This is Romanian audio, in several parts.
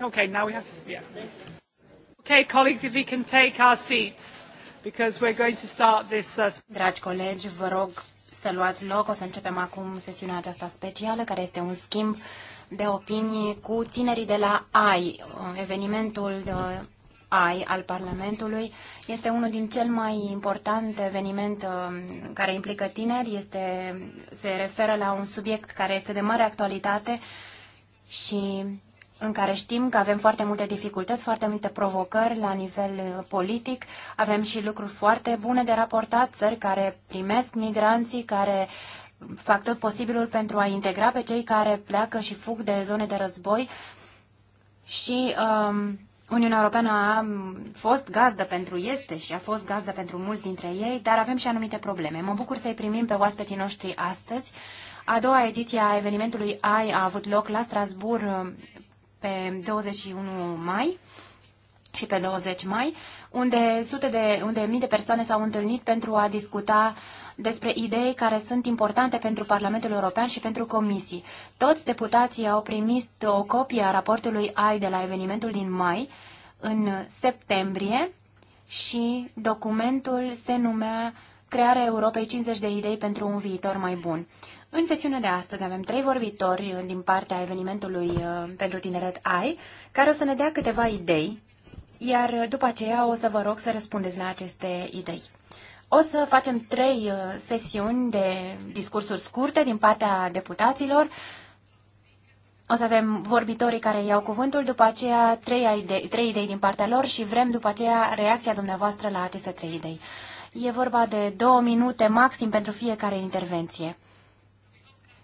Okay, now we have to. Okay, colleagues, if we can take our seats, because we're going to start this. Uh... Dragi colegi, vă rog să luați loc. O să începem acum sesiunea aceasta specială, care este un schimb de opinii cu tinerii de la AI, evenimentul de AI al Parlamentului. Este unul din cel mai important eveniment uh, care implică tineri. Este, se referă la un subiect care este de mare actualitate și în care știm că avem foarte multe dificultăți, foarte multe provocări la nivel uh, politic, avem și lucruri foarte bune de raportat, țări care primesc migranții, care fac tot posibilul pentru a integra pe cei care pleacă și fug de zone de război și um, Uniunea Europeană a um, fost gazdă pentru este și a fost gazdă pentru mulți dintre ei, dar avem și anumite probleme. Mă bucur să-i primim pe oaspeții noștri astăzi. A doua ediție a evenimentului AI a avut loc la Strasbourg um, pe 21 mai și pe 20 mai, unde sute de, unde mii de persoane s-au întâlnit pentru a discuta despre idei care sunt importante pentru Parlamentul European și pentru comisii. Toți deputații au primit o copie a raportului AI de la evenimentul din mai, în septembrie, și documentul se numea Crearea Europei 50 de idei pentru un viitor mai bun. În sesiunea de astăzi avem trei vorbitori uh, din partea evenimentului uh, pentru tineret AI, care o să ne dea câteva idei, iar uh, după aceea o să vă rog să răspundeți la aceste idei. O să facem trei sesiuni de discursuri scurte din partea deputaților. O să avem vorbitorii care iau cuvântul, după aceea trei idei, trei idei din partea lor și vrem după aceea reacția dumneavoastră la aceste trei idei. E vorba de două minute maxim pentru fiecare intervenție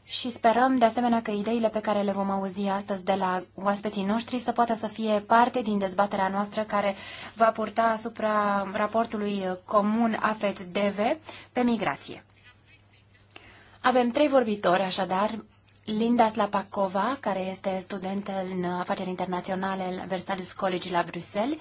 și sperăm de asemenea că ideile pe care le vom auzi astăzi de la oaspeții noștri să poată să fie parte din dezbaterea noastră care va purta asupra raportului comun AFET-DV pe migrație. Avem trei vorbitori, așadar, Linda Slapakova, care este student în afaceri internaționale la Versalles College la Bruxelles,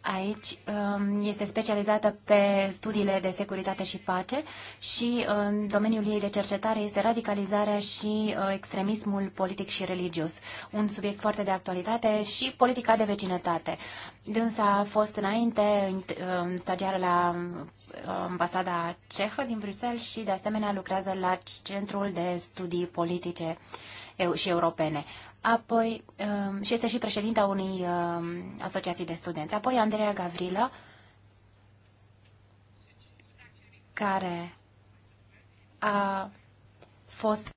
aici um, este specializată pe studiile de securitate și pace și în domeniul ei de cercetare este radicalizarea și uh, extremismul politic și religios, un subiect foarte de actualitate și politica de vecinătate. Dânsa a fost înainte um, stagiară la uh, ambasada cehă din Bruxelles și de asemenea lucrează la Centrul de Studii Politice și Europene apoi um, și este și președinta unei um, asociații de studenți. Apoi Andreea Gavrila, care a fost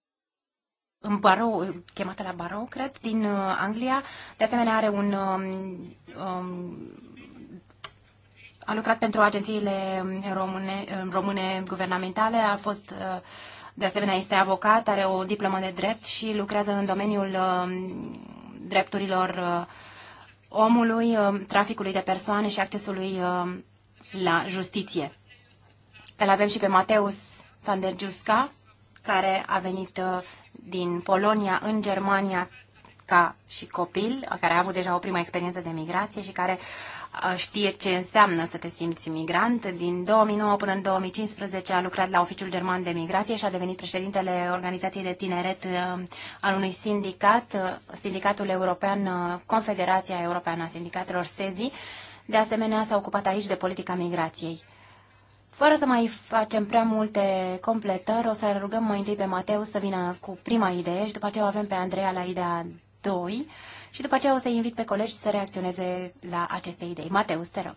în barou, chemată la barou, cred, din uh, Anglia. De asemenea, are un... Um, um, a lucrat pentru agențiile române, române guvernamentale, a fost uh, de asemenea, este avocat, are o diplomă de drept și lucrează în domeniul uh, drepturilor uh, omului, uh, traficului de persoane și accesului la justiție. Îl avem și pe Mateus van der Giusca, care a venit din Polonia în Germania ca și copil, care a avut deja o primă experiență de migrație și care uh, știe ce înseamnă să te simți migrant. Din 2009 până în 2015 a lucrat la Oficiul German de Migrație și a devenit președintele Organizației de Tineret uh, al unui sindicat, uh, Sindicatul European, Confederația Europeană a Sindicatelor SEZI. De asemenea, s-a ocupat aici de politica migrației. Fără să mai facem prea multe completări, o să rugăm mai întâi pe Mateu să vină cu prima idee și după aceea o avem pe Andreea la ideea 2 și după aceea o să invit pe colegi să reacționeze la aceste idei. Mateus, te rog.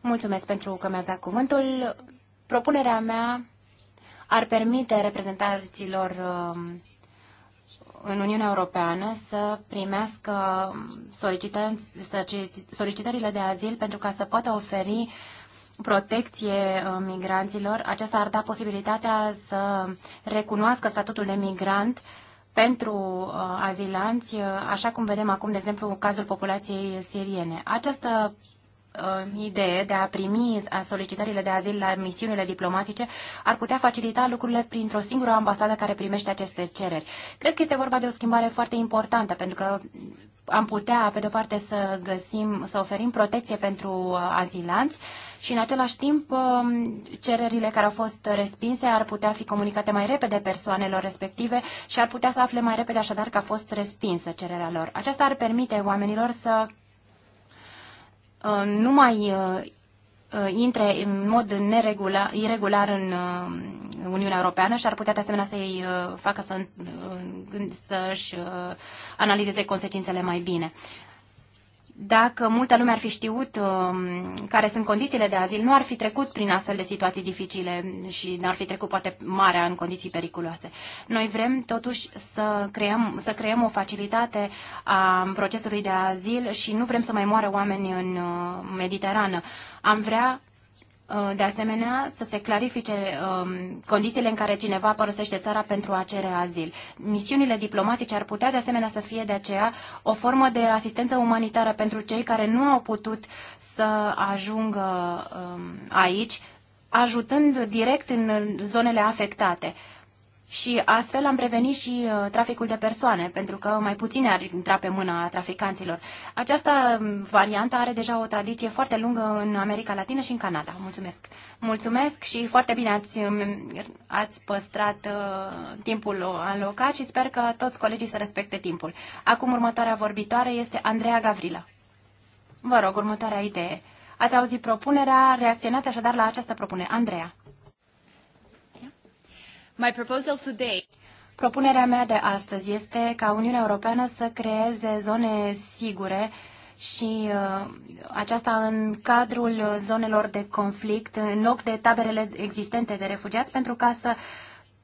Mulțumesc pentru că mi-ați dat cuvântul. Propunerea mea ar permite reprezentanților um, în Uniunea Europeană să primească solicitările de azil pentru ca să poată oferi protecție uh, migranților. Aceasta ar da posibilitatea să recunoască statutul de migrant pentru uh, azilanți, uh, așa cum vedem acum, de exemplu, în cazul populației siriene. Această uh, idee de a primi solicitările de azil la misiunile diplomatice ar putea facilita lucrurile printr-o singură ambasadă care primește aceste cereri. Cred că este vorba de o schimbare foarte importantă, pentru că am putea, pe de-o parte, să găsim, să oferim protecție pentru uh, azilanți, și în același timp um, cererile care au fost respinse ar putea fi comunicate mai repede persoanelor respective și ar putea să afle mai repede așadar că a fost respinsă cererea lor. Aceasta ar permite oamenilor să uh, nu mai uh, uh, intre în mod neregular, irregular în Uniunea Europeană și ar putea de asemenea să-i facă să, să-și analizeze consecințele mai bine. Dacă multă lume ar fi știut um, care sunt condițiile de azil, nu ar fi trecut prin astfel de situații dificile și n-ar fi trecut poate marea în condiții periculoase. Noi vrem totuși să creăm, să creăm o facilitate a procesului de azil și nu vrem să mai moară oameni în uh, Mediterană. Am vrea Uh, de asemenea, să se clarifice um, condițiile în care cineva părăsește țara pentru a cere azil. Misiunile diplomatice ar putea, de asemenea, să fie de aceea o formă de asistență umanitară pentru cei care nu au putut să ajungă um, aici, ajutând direct în zonele afectate. Uh, și astfel am prevenit și uh, traficul de persoane, pentru că mai puține ar intra pe mâna traficanților. Această um, variantă are deja o tradiție foarte lungă în America Latină și în Canada. Mulțumesc! Mulțumesc și foarte bine ați, um, ați păstrat uh, timpul alocat și sper că toți colegii să respecte timpul. Acum următoarea vorbitoare este Andreea Gavrila. Vă rog, următoarea idee. Ați auzit propunerea, reacționați așadar la această propunere. Andreea. My proposal today... Propunerea mea de astăzi este ca Uniunea Europeană să creeze zone sigure și uh, aceasta în cadrul zonelor de conflict, în loc de taberele existente de refugiați, pentru ca să uh,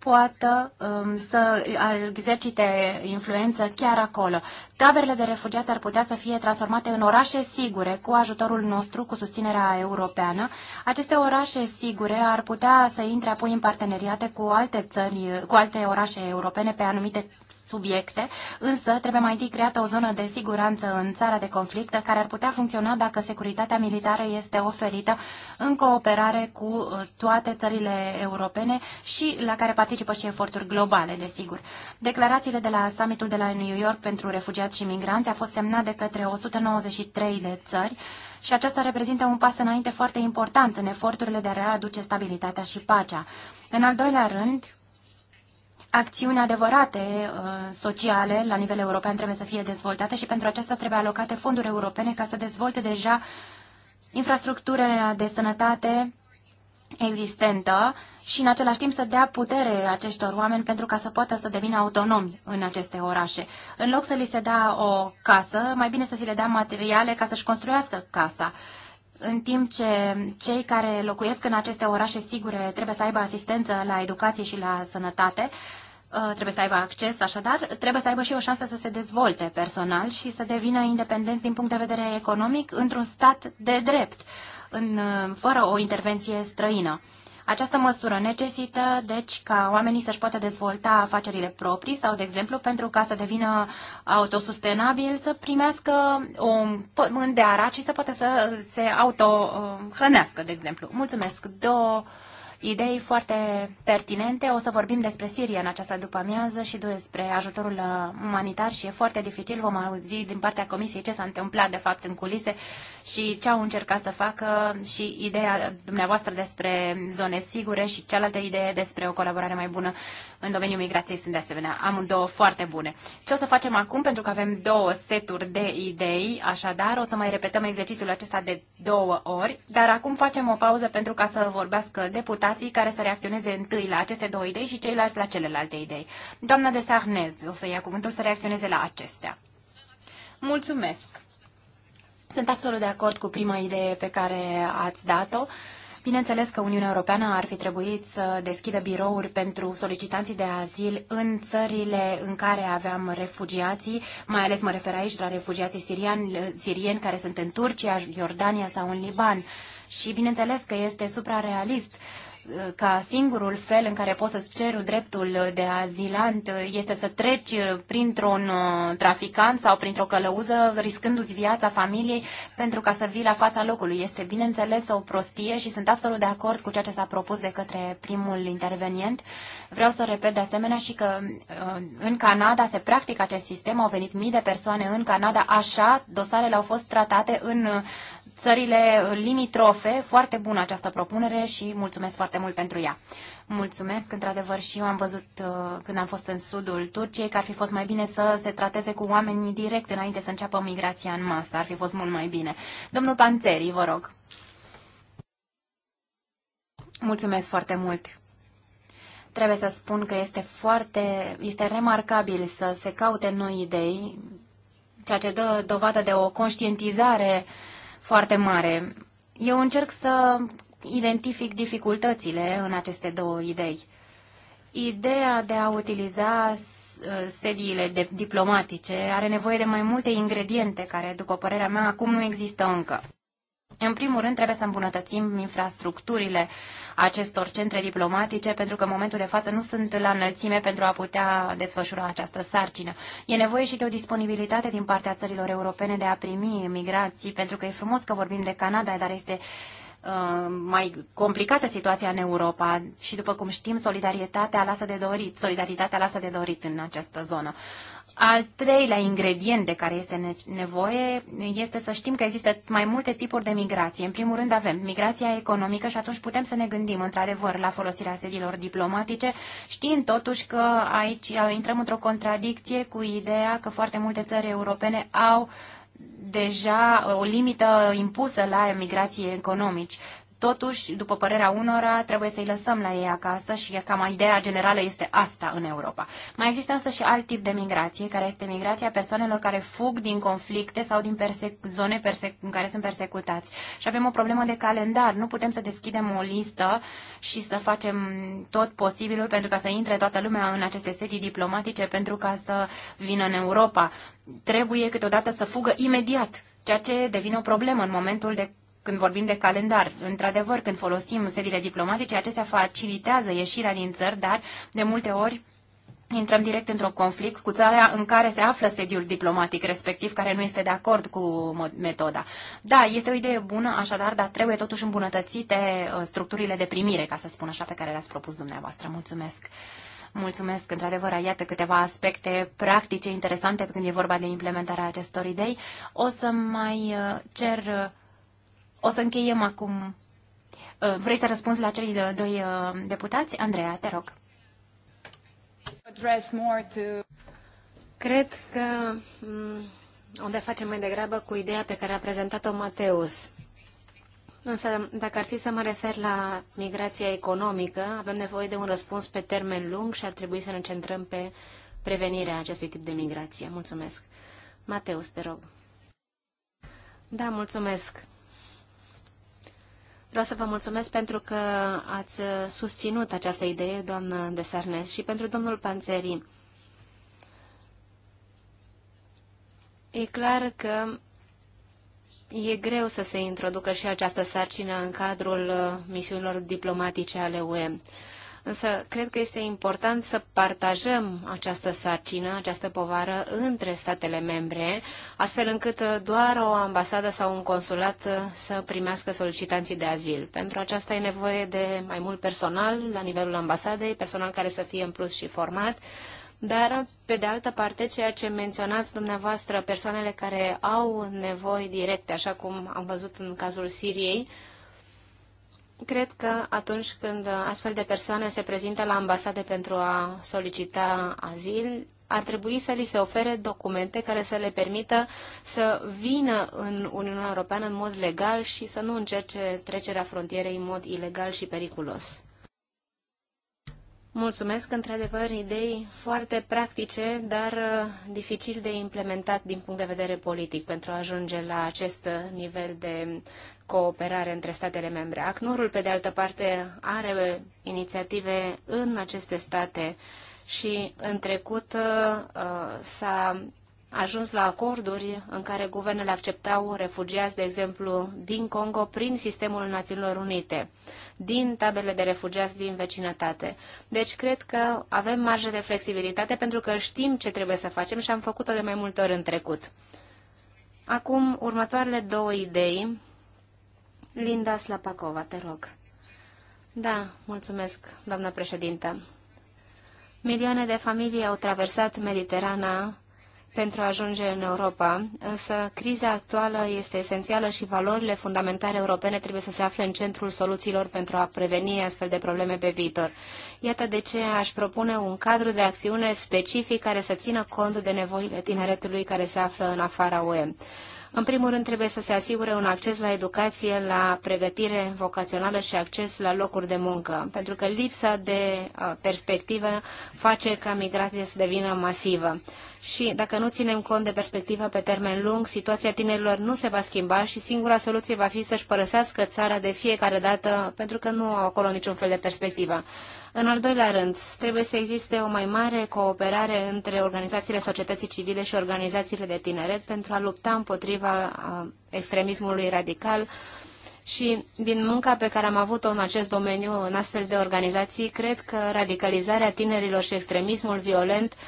poată um, să exercite influență chiar acolo. Taberele de refugiați ar putea să fie transformate în orașe sigure cu ajutorul nostru, cu susținerea europeană. Aceste orașe sigure ar putea să intre apoi în parteneriate cu alte țări, cu alte orașe europene pe anumite subiecte, însă trebuie mai întâi creată o zonă de siguranță în țara de conflict care ar putea funcționa dacă securitatea militară este oferită în cooperare cu uh, toate țările europene și la care participă și eforturi globale, desigur. Declarațiile de la summitul de la New York pentru refugiați și migranți a fost semnat de către 193 de țări și aceasta reprezintă un pas înainte foarte important în eforturile de a readuce stabilitatea și pacea. În al doilea rând, acțiuni adevărate uh, sociale la nivel european trebuie să fie dezvoltate și pentru aceasta trebuie alocate fonduri europene ca să dezvolte deja infrastructura de sănătate existentă și în același timp să dea putere acestor oameni pentru ca să poată să devină autonomi în aceste orașe. În loc să li se dea o casă, mai bine să se le dea materiale ca să-și construiască casa în timp ce cei care locuiesc în aceste orașe sigure trebuie să aibă asistență la educație și la sănătate, Uh, trebuie să aibă acces, așadar, trebuie să aibă și o șansă să se dezvolte personal și să devină independent din punct de vedere economic într-un stat de drept, în, uh, fără o intervenție străină. Această măsură necesită, deci, ca oamenii să-și poată dezvolta afacerile proprii sau, de exemplu, pentru ca să devină autosustenabil, să primească o pământ de arat și să poată să se autohrănească, uh, de exemplu. Mulțumesc! Două idei foarte pertinente. O să vorbim despre Siria în această după-amiază și despre ajutorul uh, umanitar și e foarte dificil. Vom auzi din partea Comisiei ce s-a întâmplat de fapt în culise și ce au încercat să facă și ideea dumneavoastră despre zone sigure și cealaltă idee despre o colaborare mai bună în domeniul migrației sunt de asemenea. Am două foarte bune. Ce o să facem acum, pentru că avem două seturi de idei, așadar o să mai repetăm exercițiul acesta de două ori, dar acum facem o pauză pentru ca să vorbească deputat delegații care să reacționeze întâi la aceste două idei și ceilalți la celelalte idei. Doamna de Sarnez o să ia cuvântul să reacționeze la acestea. Mulțumesc! Sunt absolut de acord cu prima idee pe care ați dat-o. Bineînțeles că Uniunea Europeană ar fi trebuit să deschidă birouri pentru solicitanții de azil în țările în care aveam refugiații, mai ales mă refer aici la refugiații siriani, sirieni care sunt în Turcia, Iordania sau în Liban. Și bineînțeles că este suprarealist ca singurul fel în care poți să-ți ceri dreptul de azilant este să treci printr-un uh, traficant sau printr-o călăuză, riscându-ți viața familiei pentru ca să vii la fața locului. Este bineînțeles o prostie și sunt absolut de acord cu ceea ce s-a propus de către primul intervenient. Vreau să repet de asemenea și că uh, în Canada se practică acest sistem, au venit mii de persoane în Canada, așa dosarele au fost tratate în uh, țările limitrofe. Foarte bună această propunere și mulțumesc foarte mult pentru ea. Mulțumesc, într-adevăr, și eu am văzut uh, când am fost în sudul Turciei că ar fi fost mai bine să se trateze cu oamenii direct înainte să înceapă migrația în masă. Ar fi fost mult mai bine. Domnul Panțeri, vă rog. Mulțumesc foarte mult trebuie să spun că este foarte, este remarcabil să se caute noi idei, ceea ce dă dovadă de o conștientizare foarte mare. Eu încerc să identific dificultățile în aceste două idei. Ideea de a utiliza uh, sediile de diplomatice are nevoie de mai multe ingrediente care, după părerea mea, acum nu există încă. În primul rând, trebuie să îmbunătățim infrastructurile acestor centre diplomatice, pentru că în momentul de față nu sunt la înălțime pentru a putea desfășura această sarcină. E nevoie și de o disponibilitate din partea țărilor europene de a primi migrații, pentru că e frumos că vorbim de Canada, dar este uh, mai complicată situația în Europa și, după cum știm, solidaritatea lasă de dorit, solidaritatea lasă de dorit în această zonă. Al treilea ingredient de care este nevoie este să știm că există mai multe tipuri de migrație. În primul rând avem migrația economică și atunci putem să ne gândim într-adevăr la folosirea sediilor diplomatice, știind totuși că aici uh, intrăm într-o contradicție cu ideea că foarte multe țări europene au deja uh, o limită impusă la migrații economici Totuși, după părerea unora, trebuie să-i lăsăm la ei acasă și cam ideea generală este asta în Europa. Mai există însă și alt tip de migrație, care este migrația persoanelor care fug din conflicte sau din perse- zone perse- în care sunt persecutați. Și avem o problemă de calendar. Nu putem să deschidem o listă și să facem tot posibilul pentru ca să intre toată lumea în aceste sedii diplomatice pentru ca să vină în Europa. Trebuie câteodată să fugă imediat ceea ce devine o problemă în momentul de când vorbim de calendar. Într-adevăr, când folosim sediile diplomatice, acestea facilitează ieșirea din țări, dar de multe ori intrăm direct într-un conflict cu țara în care se află sediul diplomatic respectiv, care nu este de acord cu metoda. Da, este o idee bună, așadar, dar trebuie totuși îmbunătățite uh, structurile de primire, ca să spun așa, pe care le-ați propus dumneavoastră. Mulțumesc! Mulțumesc, într-adevăr, iată câteva aspecte practice interesante când e vorba de implementarea acestor idei. O să mai uh, cer uh, o să încheiem acum. Uh, vrei să răspunzi la cei doi uh, deputați? Andreea, te rog. Cred că o mm, de facem mai degrabă cu ideea pe care a prezentat-o Mateus. Însă, dacă ar fi să mă refer la migrația economică, avem nevoie de un răspuns pe termen lung și ar trebui să ne centrăm pe prevenirea acestui tip de migrație. Mulțumesc. Mateus, te rog. Da, mulțumesc. Vreau să vă mulțumesc pentru că ați susținut această idee, doamnă de Sarnes, și pentru domnul Panțeri. E clar că e greu să se introducă și această sarcină în cadrul uh, misiunilor diplomatice ale UE. Însă cred că este important să partajăm această sarcină, această povară între statele membre, astfel încât uh, doar o ambasadă sau un consulat uh, să primească solicitanții de azil. Pentru aceasta e nevoie de mai mult personal la nivelul ambasadei, personal care să fie în plus și format, dar, pe de altă parte, ceea ce menționați dumneavoastră, persoanele care au nevoi directe, așa cum am văzut în cazul Siriei, Cred că atunci când astfel de persoane se prezintă la ambasade pentru a solicita azil, ar trebui să li se ofere documente care să le permită să vină în Uniunea Europeană în mod legal și să nu încerce trecerea frontierei în mod ilegal și periculos. Mulțumesc, într-adevăr, idei foarte practice, dar uh, dificil de implementat din punct de vedere politic pentru a ajunge la acest uh, nivel de cooperare între statele membre. Acnurul, pe de altă parte, are uh, inițiative în aceste state și în trecut s-a ajuns la acorduri în care guvernele acceptau refugiați, de exemplu, din Congo prin sistemul Națiunilor Unite, din taberele de refugiați din vecinătate. Deci cred că avem marjă de flexibilitate pentru că știm ce trebuie să facem și am făcut-o de mai multe ori în trecut. Acum, următoarele două idei. Linda Slapakova, te rog. Da, mulțumesc, doamna președintă. Milioane de familii au traversat Mediterana pentru a ajunge în Europa, însă criza actuală este esențială și valorile fundamentale europene trebuie să se afle în centrul soluțiilor pentru a preveni astfel de probleme pe viitor. Iată de ce aș propune un cadru de acțiune specific care să țină cont de nevoile tineretului care se află în afara UE. În primul rând, trebuie să se asigure un acces la educație, la pregătire vocațională și acces la locuri de muncă, pentru că lipsa de uh, perspectivă face ca migrația să devină masivă. Și dacă nu ținem cont de perspectiva pe termen lung, situația tinerilor nu se va schimba și singura soluție va fi să-și părăsească țara de fiecare dată, pentru că nu au acolo niciun fel de perspectivă. În al doilea rând, trebuie să existe o mai mare cooperare între organizațiile societății civile și organizațiile de tineret pentru a lupta împotriva împotriva extremismului radical și din munca pe care am avut-o în acest domeniu, în astfel de organizații, cred că radicalizarea tinerilor și extremismul violent uh,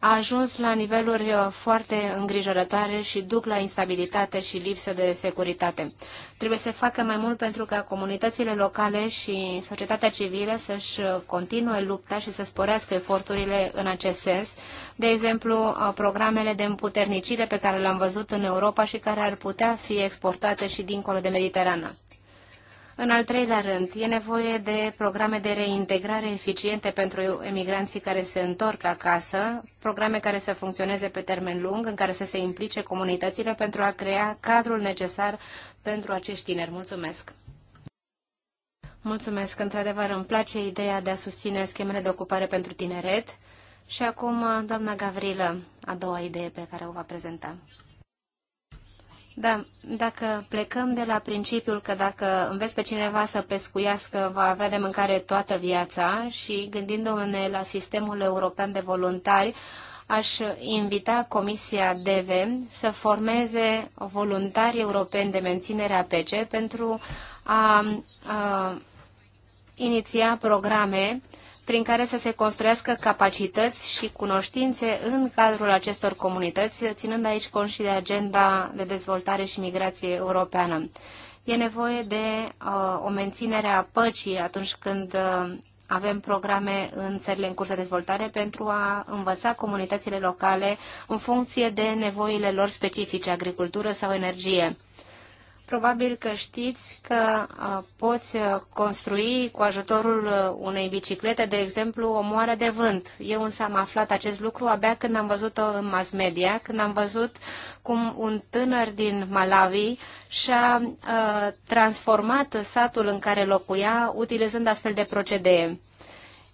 a ajuns la niveluri uh, foarte îngrijorătoare și duc la instabilitate și lipsă de securitate. Trebuie să facă mai mult pentru ca comunitățile locale și societatea civilă să-și uh, continue lupta și să sporească eforturile în acest sens. De exemplu, uh, programele de împuternicire pe care le-am văzut în Europa și care ar putea fi exportate și dincolo de Mediterană. În al treilea rând, e nevoie de programe de reintegrare eficiente pentru emigranții care se întorc acasă, programe care să funcționeze pe termen lung, în care să se implice comunitățile pentru a crea cadrul necesar pentru acești tineri. Mulțumesc! Mulțumesc! Într-adevăr, îmi place ideea de a susține schemele de ocupare pentru tineret. Și acum, doamna Gavrilă, a doua idee pe care o va prezenta. Da, dacă plecăm de la principiul că dacă înveți pe cineva să pescuiască, va avea de mâncare toată viața și gândindu-ne la sistemul european de voluntari, aș invita Comisia DV să formeze voluntari europeni de menținere a PC pentru a, a iniția programe uh, prin care să se construiască capacități și cunoștințe în cadrul acestor comunități, ținând aici cont și de agenda de dezvoltare și migrație europeană. E nevoie de uh, o menținere a păcii atunci când uh, avem programe în țările în curs de dezvoltare pentru a învăța comunitățile locale în funcție de nevoile lor specifice, agricultură sau energie. Probabil că știți că uh, poți uh, construi cu ajutorul uh, unei biciclete, de exemplu, o moară de vânt. Eu însă am aflat acest lucru abia când am văzut-o în mass media, când am văzut cum un tânăr din Malawi și-a transformat satul în care locuia utilizând astfel de procedee.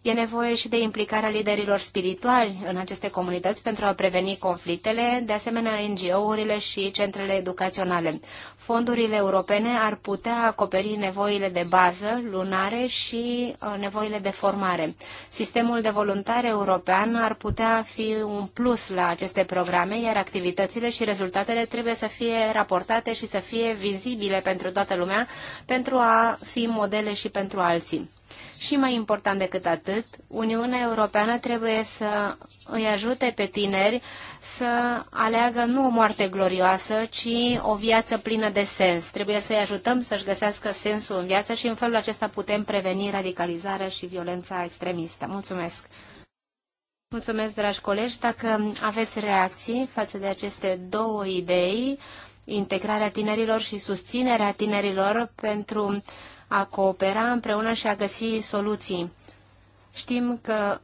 E nevoie și de implicarea liderilor spirituali în aceste comunități pentru a preveni conflictele, de asemenea NGO-urile și centrele educaționale. Fondurile europene ar putea acoperi nevoile de bază, lunare și uh, nevoile de formare. Sistemul de voluntari european ar putea fi un plus la aceste programe, iar activitățile și rezultatele trebuie să fie raportate și să fie vizibile pentru toată lumea, pentru a fi modele și pentru alții. Și mai important decât atât, Uniunea Europeană trebuie să îi ajute pe tineri să aleagă nu o moarte glorioasă, ci o viață plină de sens. Trebuie să-i ajutăm să-și găsească sensul în viață și în felul acesta putem preveni radicalizarea și violența extremistă. Mulțumesc! Mulțumesc, dragi colegi. Dacă aveți reacții față de aceste două idei, integrarea tinerilor și susținerea tinerilor pentru a coopera împreună și a găsi soluții. Știm că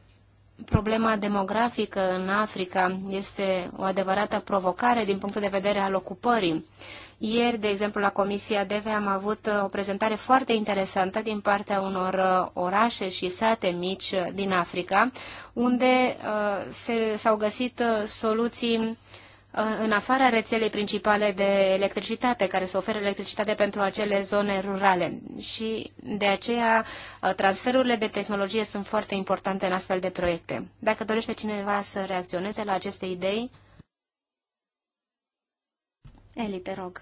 problema demografică în Africa este o adevărată provocare din punctul de vedere al ocupării. Ieri, de exemplu, la Comisia DEVE am avut o prezentare foarte interesantă din partea unor uh, orașe și sate mici uh, din Africa, unde uh, s-au găsit uh, soluții uh, în afara rețelei principale de electricitate, care să oferă electricitate pentru acele zone rurale. Și de aceea uh, transferurile de tehnologie sunt foarte importante în astfel de proiecte. Dacă dorește cineva să reacționeze la aceste idei, Eli, te rog.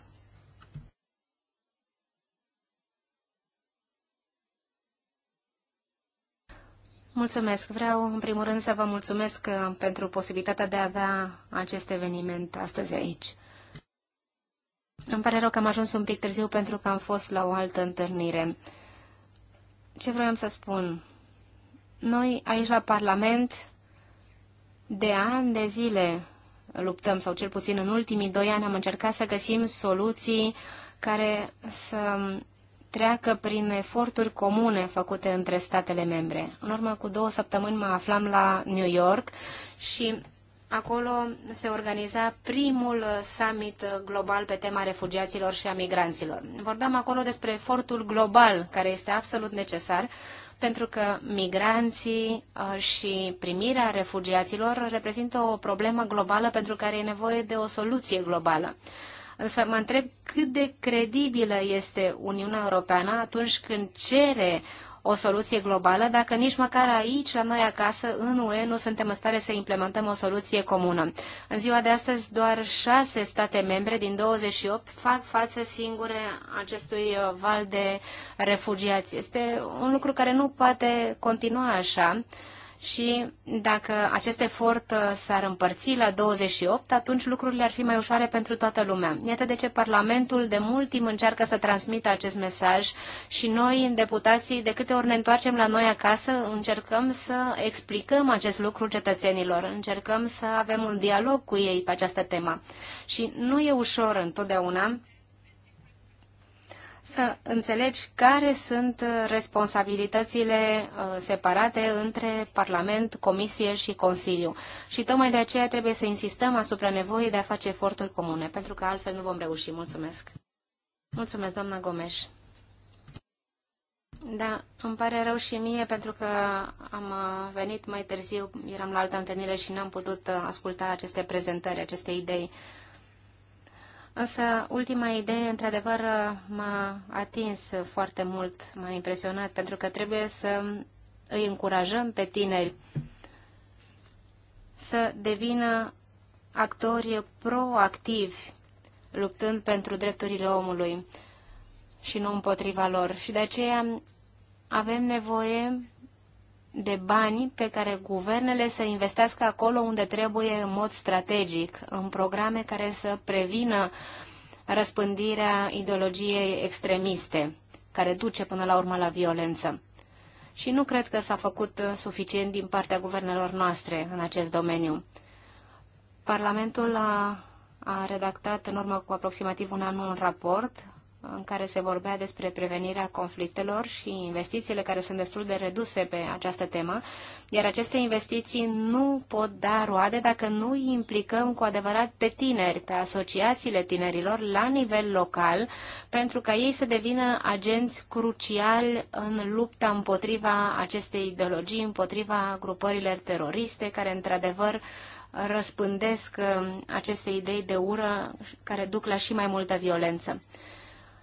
Mulțumesc. Vreau, în primul rând, să vă mulțumesc uh, pentru posibilitatea de a avea acest eveniment astăzi aici. Îmi pare rău că am ajuns un pic târziu pentru că am fost la o altă întâlnire. Ce vreau să spun? Noi, aici la Parlament, de ani de zile luptăm, sau cel puțin în ultimii doi ani am încercat să găsim soluții care să treacă prin eforturi comune făcute între statele membre. În urmă cu două săptămâni mă aflam la New York și acolo se organiza primul summit global pe tema refugiaților și a migranților. Vorbeam acolo despre efortul global care este absolut necesar pentru că migranții uh, și primirea refugiaților reprezintă o problemă globală pentru care e nevoie de o soluție globală. Însă mă întreb cât de credibilă este Uniunea Europeană atunci când cere o soluție globală, dacă nici măcar aici, la noi acasă, în UE, nu suntem în stare să implementăm o soluție comună. În ziua de astăzi, doar șase state membre din 28 fac față singure acestui uh, val de refugiați. Este un lucru care nu poate continua așa și dacă acest efort uh, s-ar împărți la 28, atunci lucrurile ar fi mai ușoare pentru toată lumea. Iată de ce Parlamentul de mult timp încearcă să transmită acest mesaj și noi, deputații, de câte ori ne întoarcem la noi acasă, încercăm să explicăm acest lucru cetățenilor, încercăm să avem un dialog cu ei pe această temă. Și nu e ușor întotdeauna, să înțelegi care sunt uh, responsabilitățile uh, separate între Parlament, Comisie și Consiliu. Și tocmai de aceea trebuie să insistăm asupra nevoii de a face eforturi comune, pentru că altfel nu vom reuși. Mulțumesc! Mulțumesc, doamna Gomes! Da, îmi pare rău și mie pentru că am uh, venit mai târziu, eram la altă întâlnire și n-am putut asculta aceste prezentări, aceste idei. Însă ultima idee, într-adevăr, m-a atins foarte mult, m-a impresionat, pentru că trebuie să îi încurajăm pe tineri să devină actori proactivi, luptând pentru drepturile omului și nu împotriva lor. Și de aceea avem nevoie de bani pe care guvernele să investească acolo unde trebuie în mod strategic, în programe care să prevină răspândirea ideologiei extremiste, care duce până la urmă la violență. Și nu cred că s-a făcut suficient din partea guvernelor noastre în acest domeniu. Parlamentul a, a redactat în urmă cu aproximativ un an un raport în care se vorbea despre prevenirea conflictelor și investițiile care sunt destul de reduse pe această temă, iar aceste investiții nu pot da roade dacă nu îi implicăm cu adevărat pe tineri, pe asociațiile tinerilor la nivel local, pentru ca ei să devină agenți cruciali în lupta împotriva acestei ideologii, împotriva grupărilor teroriste care într-adevăr răspândesc uh, aceste idei de ură care duc la și mai multă violență.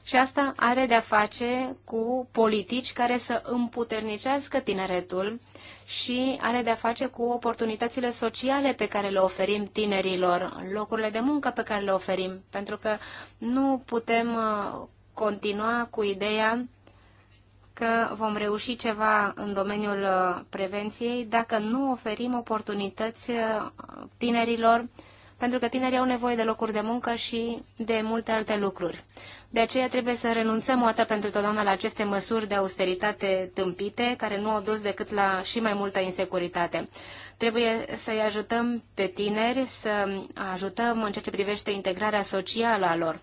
Și asta are de-a face cu politici care să împuternicească tineretul și are de-a face cu oportunitățile sociale pe care le oferim tinerilor, locurile de muncă pe care le oferim, pentru că nu putem uh, continua cu ideea că vom reuși ceva în domeniul uh, prevenției dacă nu oferim oportunități uh, tinerilor pentru că tinerii au nevoie de locuri de muncă și de multe alte lucruri. De aceea trebuie să renunțăm o dată pentru totdeauna la aceste măsuri de austeritate tâmpite, care nu au dus decât la și mai multă insecuritate. Trebuie să-i ajutăm pe tineri, să ajutăm în ceea ce privește integrarea socială a lor.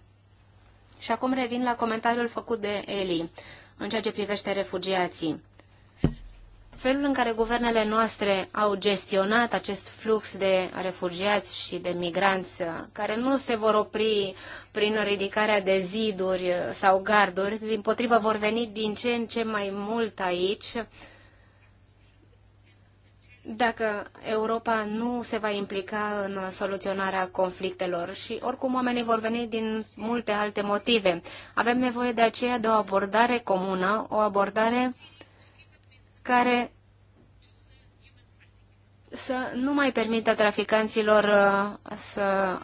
Și acum revin la comentariul făcut de Eli în ceea ce privește refugiații. Felul în care guvernele noastre au gestionat acest flux de refugiați și de migranți, care nu se vor opri prin ridicarea de ziduri sau garduri, din potrivă vor veni din ce în ce mai mult aici, dacă Europa nu se va implica în soluționarea conflictelor și oricum oamenii vor veni din multe alte motive. Avem nevoie de aceea de o abordare comună, o abordare care să nu mai permită traficanților uh, să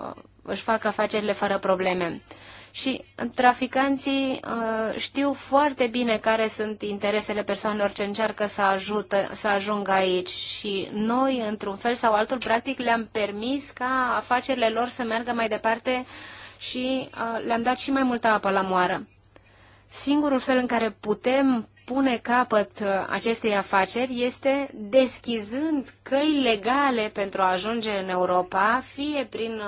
uh, își facă afacerile fără probleme. Și traficanții uh, știu foarte bine care sunt interesele persoanelor ce încearcă să, ajută, să ajungă aici și noi, într-un fel sau altul, practic le-am permis ca afacerile lor să meargă mai departe și le-am dat și mai multă apă la moară. Singurul fel în care putem pune capăt uh, acestei afaceri este deschizând căi legale pentru a ajunge în Europa, fie prin uh,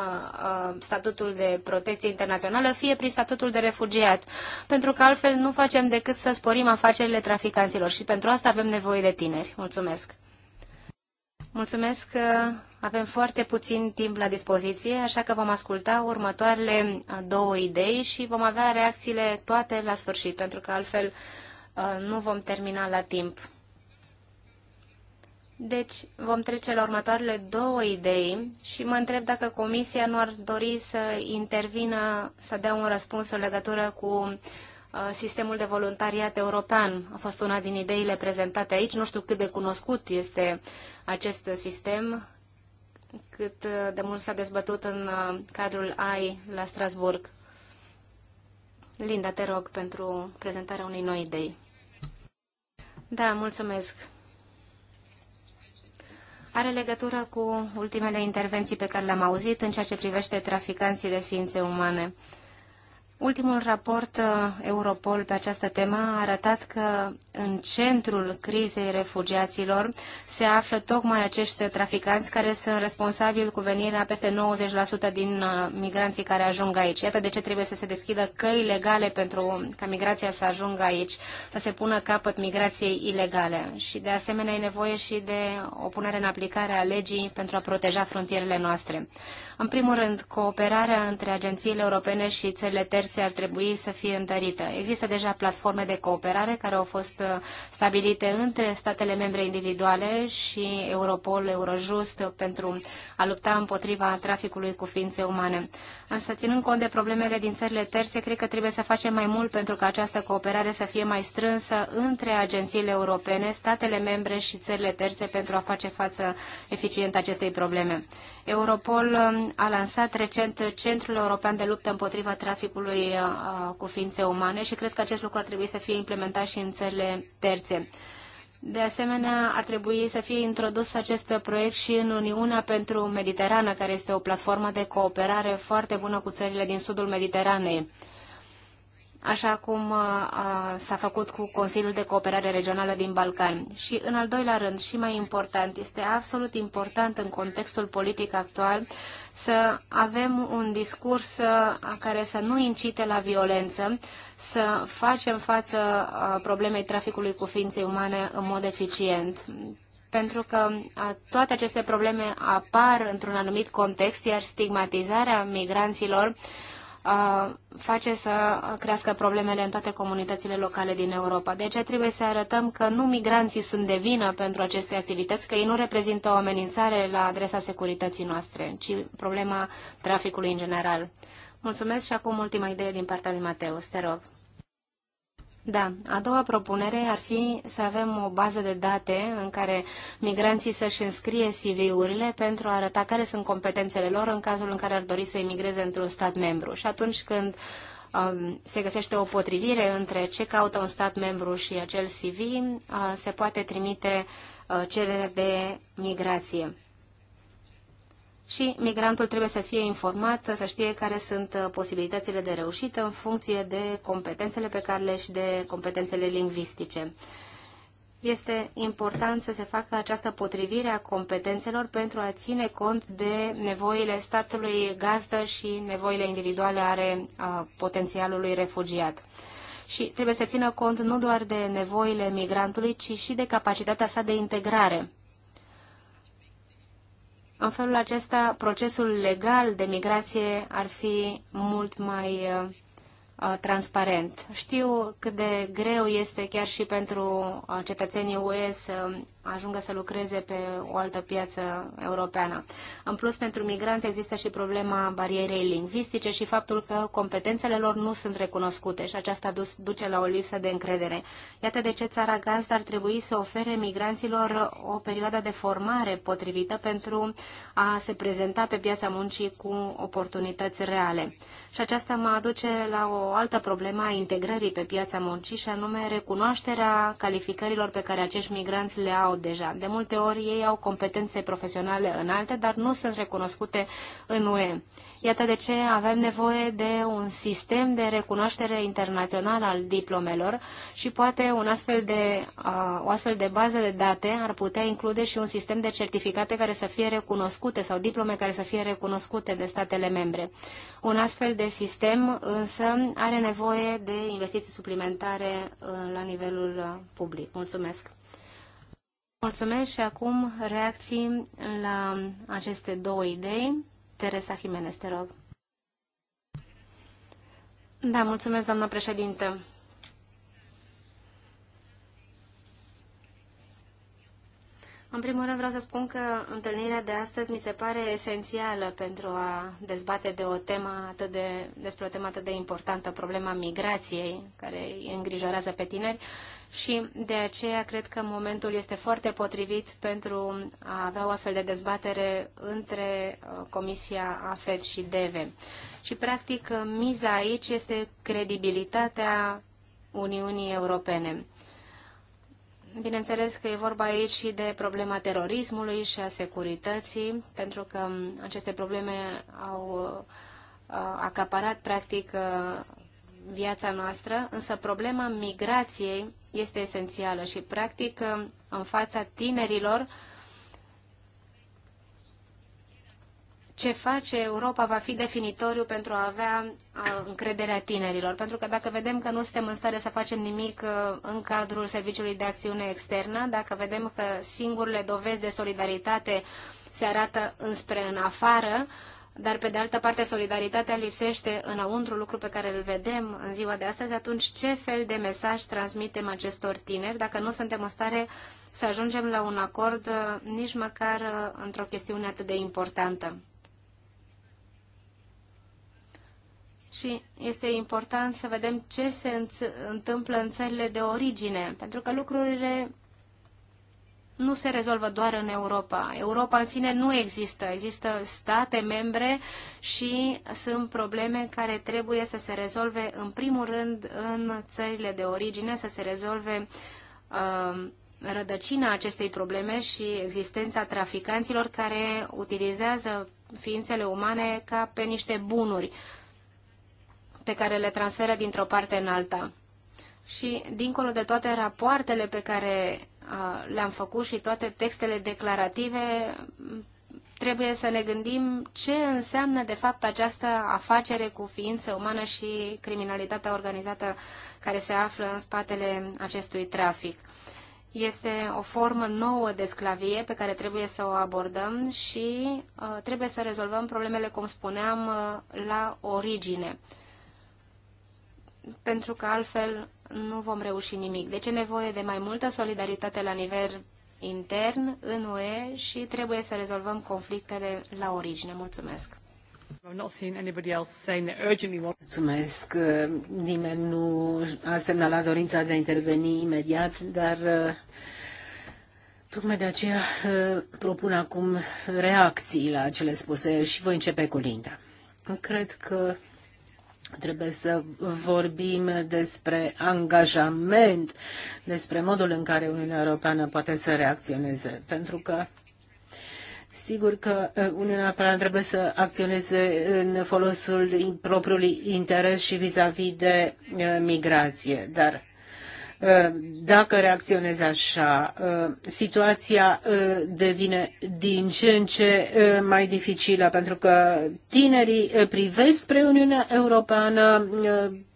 uh, statutul de protecție internațională, fie prin statutul de refugiat. Pentru că altfel nu facem decât să sporim afacerile traficanților și pentru asta avem nevoie de tineri. Mulțumesc! Mulțumesc că avem foarte puțin timp la dispoziție, așa că vom asculta următoarele două idei și vom avea reacțiile toate la sfârșit, pentru că altfel Uh, nu vom termina la timp. Deci vom trece la următoarele două idei și mă întreb dacă Comisia nu ar dori să intervină, să dea un răspuns în legătură cu uh, sistemul de voluntariat european. A fost una din ideile prezentate aici. Nu știu cât de cunoscut este acest sistem, cât uh, de mult s-a dezbătut în cadrul AI la Strasburg. Linda, te rog pentru prezentarea unei noi idei. Da, mulțumesc. Are legătură cu ultimele intervenții pe care le-am auzit în ceea ce privește traficanții de ființe umane. Uh, Ultimul raport uh, Europol pe această temă a arătat că în centrul crizei refugiaților se află tocmai acești traficanți care sunt responsabili cu venirea peste 90% din uh, migranții care ajung aici. Iată de ce trebuie să se deschidă căi legale pentru ca migrația să ajungă aici, să se pună capăt migrației ilegale. Și de asemenea e nevoie și de o punere în aplicare a legii pentru a proteja frontierele noastre. În primul rând, cooperarea între agențiile europene și țările terțe terțe ar trebui să fie întărită. Există deja platforme de cooperare care au fost uh, stabilite între statele membre individuale și Europol, Eurojust pentru a lupta împotriva traficului cu ființe umane. Însă, ținând cont de problemele din țările terțe, cred că trebuie să facem mai mult pentru ca această cooperare să fie mai strânsă între agențiile europene, statele membre și țările terțe pentru a face față eficient acestei probleme. Europol um, a lansat recent Centrul European de Luptă împotriva traficului comerțului uh, uh, cu ființe umane și cred că acest lucru ar trebui să fie implementat și în țările terțe. De asemenea, ar trebui să fie introdus acest proiect și în Uniunea pentru Mediterană, care este o platformă de cooperare foarte bună cu țările din sudul Mediteranei așa cum uh, uh, s-a făcut cu Consiliul de Cooperare Regională din Balcani. Și, în al doilea rând, și mai important, este absolut important în contextul politic actual să avem un discurs uh, care să nu incite la violență, să facem față problemei traficului cu ființe umane în mod eficient pentru că toate aceste probleme apar într-un anumit context, iar stigmatizarea migranților uh, face să crească problemele în toate comunitățile locale din Europa. De aceea trebuie să arătăm că nu migranții sunt de vină pentru aceste activități, că ei nu reprezintă o amenințare la adresa securității noastre, ci problema traficului în general. Mulțumesc și acum ultima idee din partea lui Mateus, te rog. Da, a doua propunere ar fi să avem o bază de date în care migranții să-și înscrie CV-urile pentru a arăta care sunt competențele lor în cazul în care ar dori să emigreze într-un stat membru. Și atunci când um, se găsește o potrivire între ce caută un stat membru și acel CV, uh, se poate trimite uh, cerere de migrație și migrantul trebuie să fie informat, să știe care sunt uh, posibilitățile de reușită în funcție de competențele pe care le și de competențele lingvistice. Este important să se facă această potrivire a competențelor pentru a ține cont de nevoile statului gazdă și nevoile individuale ale uh, potențialului refugiat și trebuie să țină cont nu doar de nevoile migrantului, ci și de capacitatea sa de integrare. În felul acesta, procesul legal de migrație ar fi mult mai uh, transparent. Știu cât de greu este chiar și pentru uh, cetățenii UE să ajungă să lucreze pe o altă piață europeană. În plus, pentru migranți există și problema barierei lingvistice și faptul că competențele lor nu sunt recunoscute și aceasta duce la o lipsă de încredere. Iată de ce țara gazdă ar trebui să ofere migranților o perioadă de formare potrivită pentru a se prezenta pe piața muncii cu oportunități reale. Și aceasta mă aduce la o altă problemă a integrării pe piața muncii și anume recunoașterea calificărilor pe care acești migranți le au au deja. De multe ori ei au competențe profesionale înalte, dar nu sunt recunoscute în UE. Iată de ce avem nevoie de un sistem de recunoaștere internațional al diplomelor și poate un astfel de, o astfel de bază de date ar putea include și un sistem de certificate care să fie recunoscute sau diplome care să fie recunoscute de statele membre. Un astfel de sistem însă are nevoie de investiții suplimentare uh, la nivelul uh, public. Mulțumesc! Mulțumesc și acum reacții la aceste două idei. Teresa Jimenez, te rog. Da, mulțumesc, doamna președintă. În primul rând vreau să spun că întâlnirea de astăzi mi se pare esențială pentru a dezbate de o temă atât de, despre o temă atât de importantă, problema migrației, care îi îngrijorează pe tineri și de aceea cred că momentul este foarte potrivit pentru a avea o astfel de dezbatere între uh, Comisia AFED și DEVE. Și practic miza aici este credibilitatea Uniunii Europene Bineînțeles că e vorba aici și de problema terorismului și a securității, pentru că aceste probleme au uh, acaparat, practic, uh, viața noastră, însă problema migrației este esențială și, practic, uh, în fața tinerilor, ce face Europa va fi definitoriu pentru a avea încrederea tinerilor. Pentru că dacă vedem că nu suntem în stare să facem nimic în cadrul Serviciului de Acțiune Externă, dacă vedem că singurele dovezi de solidaritate se arată înspre în afară, dar pe de altă parte solidaritatea lipsește înăuntru, lucru pe care îl vedem în ziua de astăzi, atunci ce fel de mesaj transmitem acestor tineri dacă nu suntem în stare să ajungem la un acord nici măcar într-o chestiune atât de importantă? și este important să vedem ce se întâmplă în țările de origine, pentru că lucrurile nu se rezolvă doar în Europa. Europa în sine nu există. Există state membre și sunt probleme care trebuie să se rezolve în primul rând în țările de origine, să se rezolve uh, rădăcina acestei probleme și existența traficanților care utilizează ființele umane ca pe niște bunuri. Uh, pe care le transferă dintr-o parte în alta. Și, dincolo de toate rapoartele pe care le-am făcut și toate textele declarative, trebuie să ne gândim ce înseamnă de fapt această afacere cu ființă umană și criminalitatea organizată care se află în spatele acestui trafic. Este o formă nouă de sclavie pe care trebuie să o abordăm și uh, trebuie să rezolvăm problemele, cum spuneam, uh, la origine. Uh, pentru că altfel nu vom reuși nimic. Deci e nevoie de mai multă solidaritate la nivel intern, în UE și trebuie să rezolvăm conflictele la origine. Mulțumesc! Mulțumesc. Nimeni nu a semnalat dorința de a interveni imediat, dar uh, tocmai de aceea uh, propun acum reacții la cele spuse și voi începe cu Linda. Cred că Trebuie să vorbim despre angajament, despre modul în care Uniunea Europeană poate să reacționeze, pentru că Sigur că uh, Uniunea Europeană trebuie să acționeze în folosul propriului interes și vis-a-vis -vis de uh, migrație, dar Eh, dacă reacționezi așa, eh, situația eh, devine din ce în ce mai dificilă, pentru că tinerii privesc spre Uniunea Europeană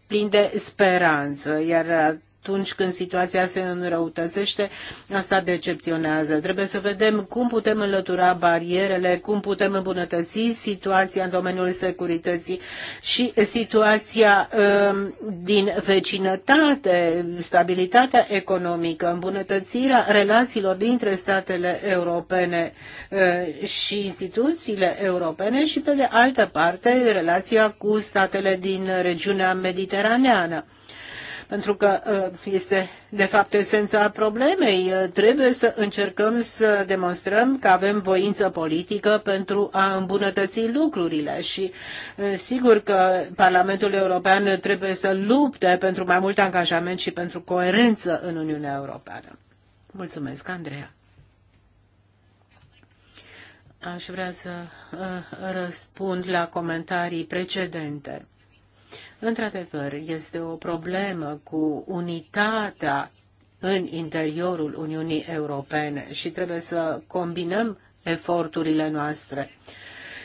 plin de speranță, iar atunci când situația se înrăutățește, asta decepționează. Trebuie să vedem cum putem înlătura barierele, cum putem îmbunătăți situația în domeniul securității și situația um, din vecinătate, stabilitatea economică, îmbunătățirea relațiilor dintre statele europene uh, și instituțiile europene și, pe de altă parte, relația cu statele din regiunea mediteraneană pentru că ă, este de fapt esența problemei. Ă, trebuie să încercăm să demonstrăm că avem voință politică pentru a îmbunătăți lucrurile și ă, sigur că Parlamentul European trebuie să lupte pentru mai mult angajament și pentru coerență în Uniunea Europeană. Mulțumesc, Andreea. Aș vrea să răspund la comentarii precedente. Într-adevăr, este o problemă cu unitatea în interiorul Uniunii Europene și trebuie să combinăm eforturile noastre.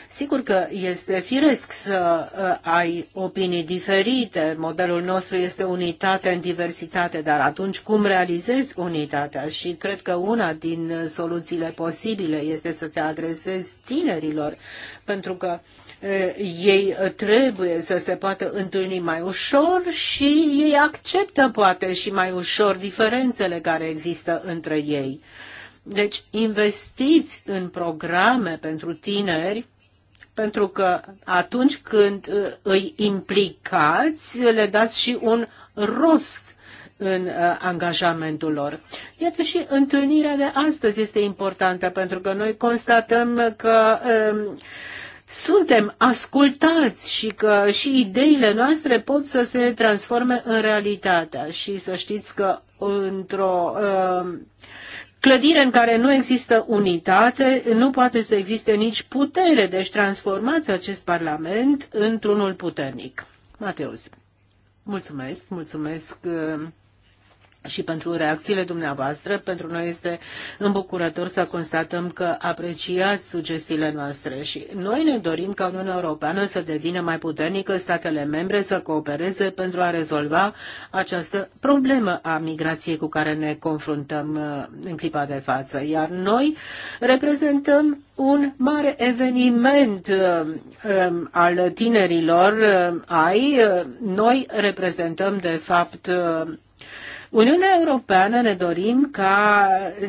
Sigur că este firesc să uh, ai opinii diferite. Modelul nostru este unitate în diversitate, dar atunci cum realizezi unitatea? Și cred că una din soluțiile posibile este să te adresezi tinerilor, pentru că ei trebuie să se poată întâlni mai ușor și ei acceptă poate și mai ușor diferențele care există între ei. Deci investiți în programe pentru tineri pentru că atunci când uh, îi implicați, le dați și un rost în uh, angajamentul lor. Iată și întâlnirea de astăzi este importantă, pentru că noi constatăm că um, suntem ascultați și că și ideile noastre pot să se transforme în realitatea și să știți că într-o uh, clădire în care nu există unitate, nu poate să existe nici putere, deci transformați acest Parlament într-unul puternic. Mateus, mulțumesc, mulțumesc. Uh, și pentru reacțiile dumneavoastră. Pentru noi este îmbucurător să constatăm că apreciați sugestiile noastre și noi ne dorim ca Uniunea Europeană să devină mai puternică, statele membre să coopereze pentru a rezolva această problemă a migrației cu care ne confruntăm uh, în clipa de față. Iar noi reprezentăm un mare eveniment uh, um, al tinerilor uh, ai. Noi reprezentăm, de fapt, Uniunea Europeană ne dorim ca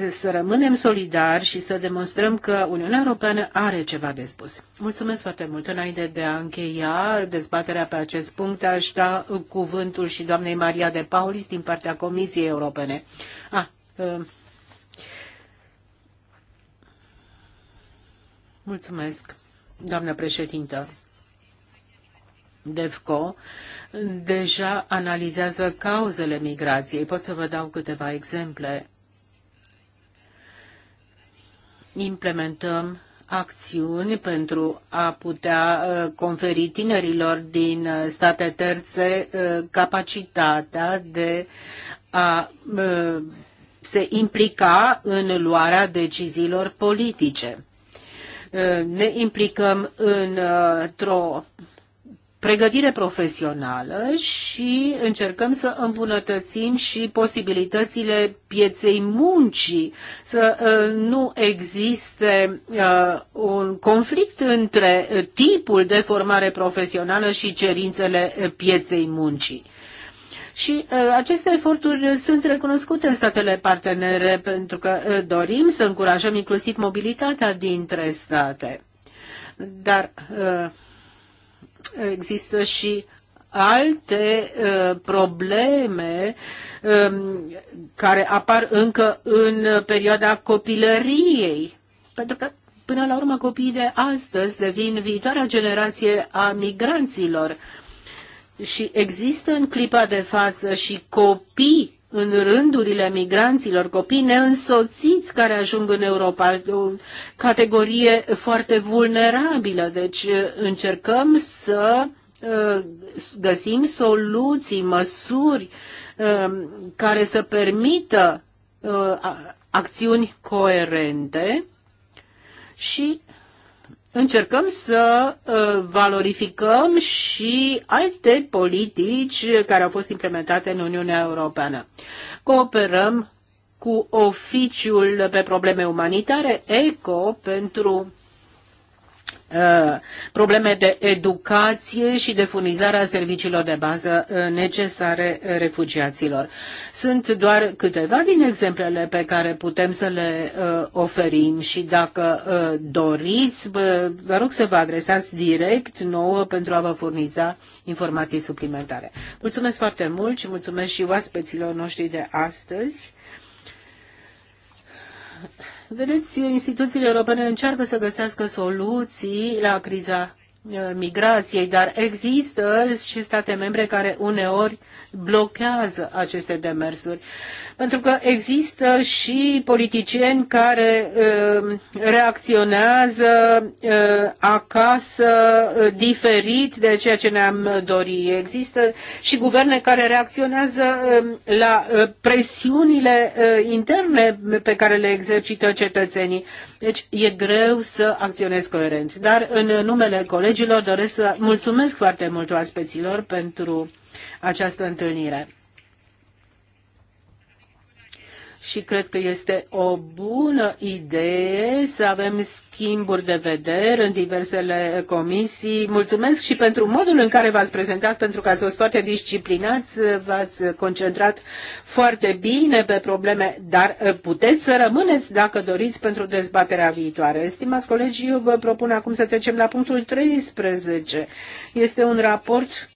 să rămânem solidari și să demonstrăm că Uniunea Europeană are ceva de spus. Mulțumesc foarte mult. Înainte de a încheia dezbaterea pe acest punct, aș da cuvântul și doamnei Maria de Paulis din partea Comisiei Europene. Ah, uh, mulțumesc, doamnă președintă. DEVCO deja analizează cauzele migrației. Pot să vă dau câteva exemple. Implementăm acțiuni pentru a putea uh, conferi tinerilor din uh, state terțe uh, capacitatea de a se implica în luarea deciziilor politice. Ne implicăm într-o pregătire profesională și încercăm să îmbunătățim și posibilitățile pieței muncii, să uh, nu existe uh, un conflict între uh, tipul de formare profesională și cerințele pieței muncii. Și uh, aceste eforturi sunt recunoscute în statele partenere pentru că uh, dorim să încurajăm inclusiv mobilitatea dintre state. Dar uh, există și alte uh, probleme um, care apar încă în perioada copilăriei. Pentru că, până la urmă, copiii de astăzi devin viitoarea generație a migranților. Și există în clipa de față și copii în rândurile migranților, copii neînsoțiți care ajung în Europa, o categorie foarte vulnerabilă. Deci uh, încercăm să uh, găsim soluții, măsuri uh, care să permită acțiuni coerente și încercăm să uh, valorificăm și alte politici care au fost implementate în Uniunea Europeană. Cooperăm cu oficiul pe probleme umanitare ECO pentru Uh, probleme de educație și de furnizarea serviciilor de bază uh, necesare uh, refugiaților. Sunt doar câteva din exemplele pe care putem să le oferim și dacă doriți, vă, vă rog să vă adresați direct nouă pentru a vă furniza informații suplimentare. Mulțumesc foarte mult și mulțumesc și oaspeților noștri de astăzi. Vedeți, instituțiile europene încearcă să găsească soluții la criza Eh, migrației, dar există și state membre care uneori blochează aceste demersuri. Pentru că există și politicieni care eh, reacționează eh, acasă diferit de ceea ce ne-am dori. Există și guverne care reacționează la presiunile interne pe care le exercită cetățenii. Deci e greu să acționezi coerent. Dar în numele colegii colegilor doresc să mulțumesc foarte mult oaspeților pentru această întâlnire și cred că este o bună idee să avem schimburi de vedere în diversele comisii. Mulțumesc și pentru modul în care v-ați prezentat, pentru că ați fost foarte disciplinați, v-ați concentrat foarte bine pe probleme, dar puteți să rămâneți dacă doriți pentru dezbaterea viitoare. Stimați colegi, eu vă propun acum să trecem la punctul 13. Este un raport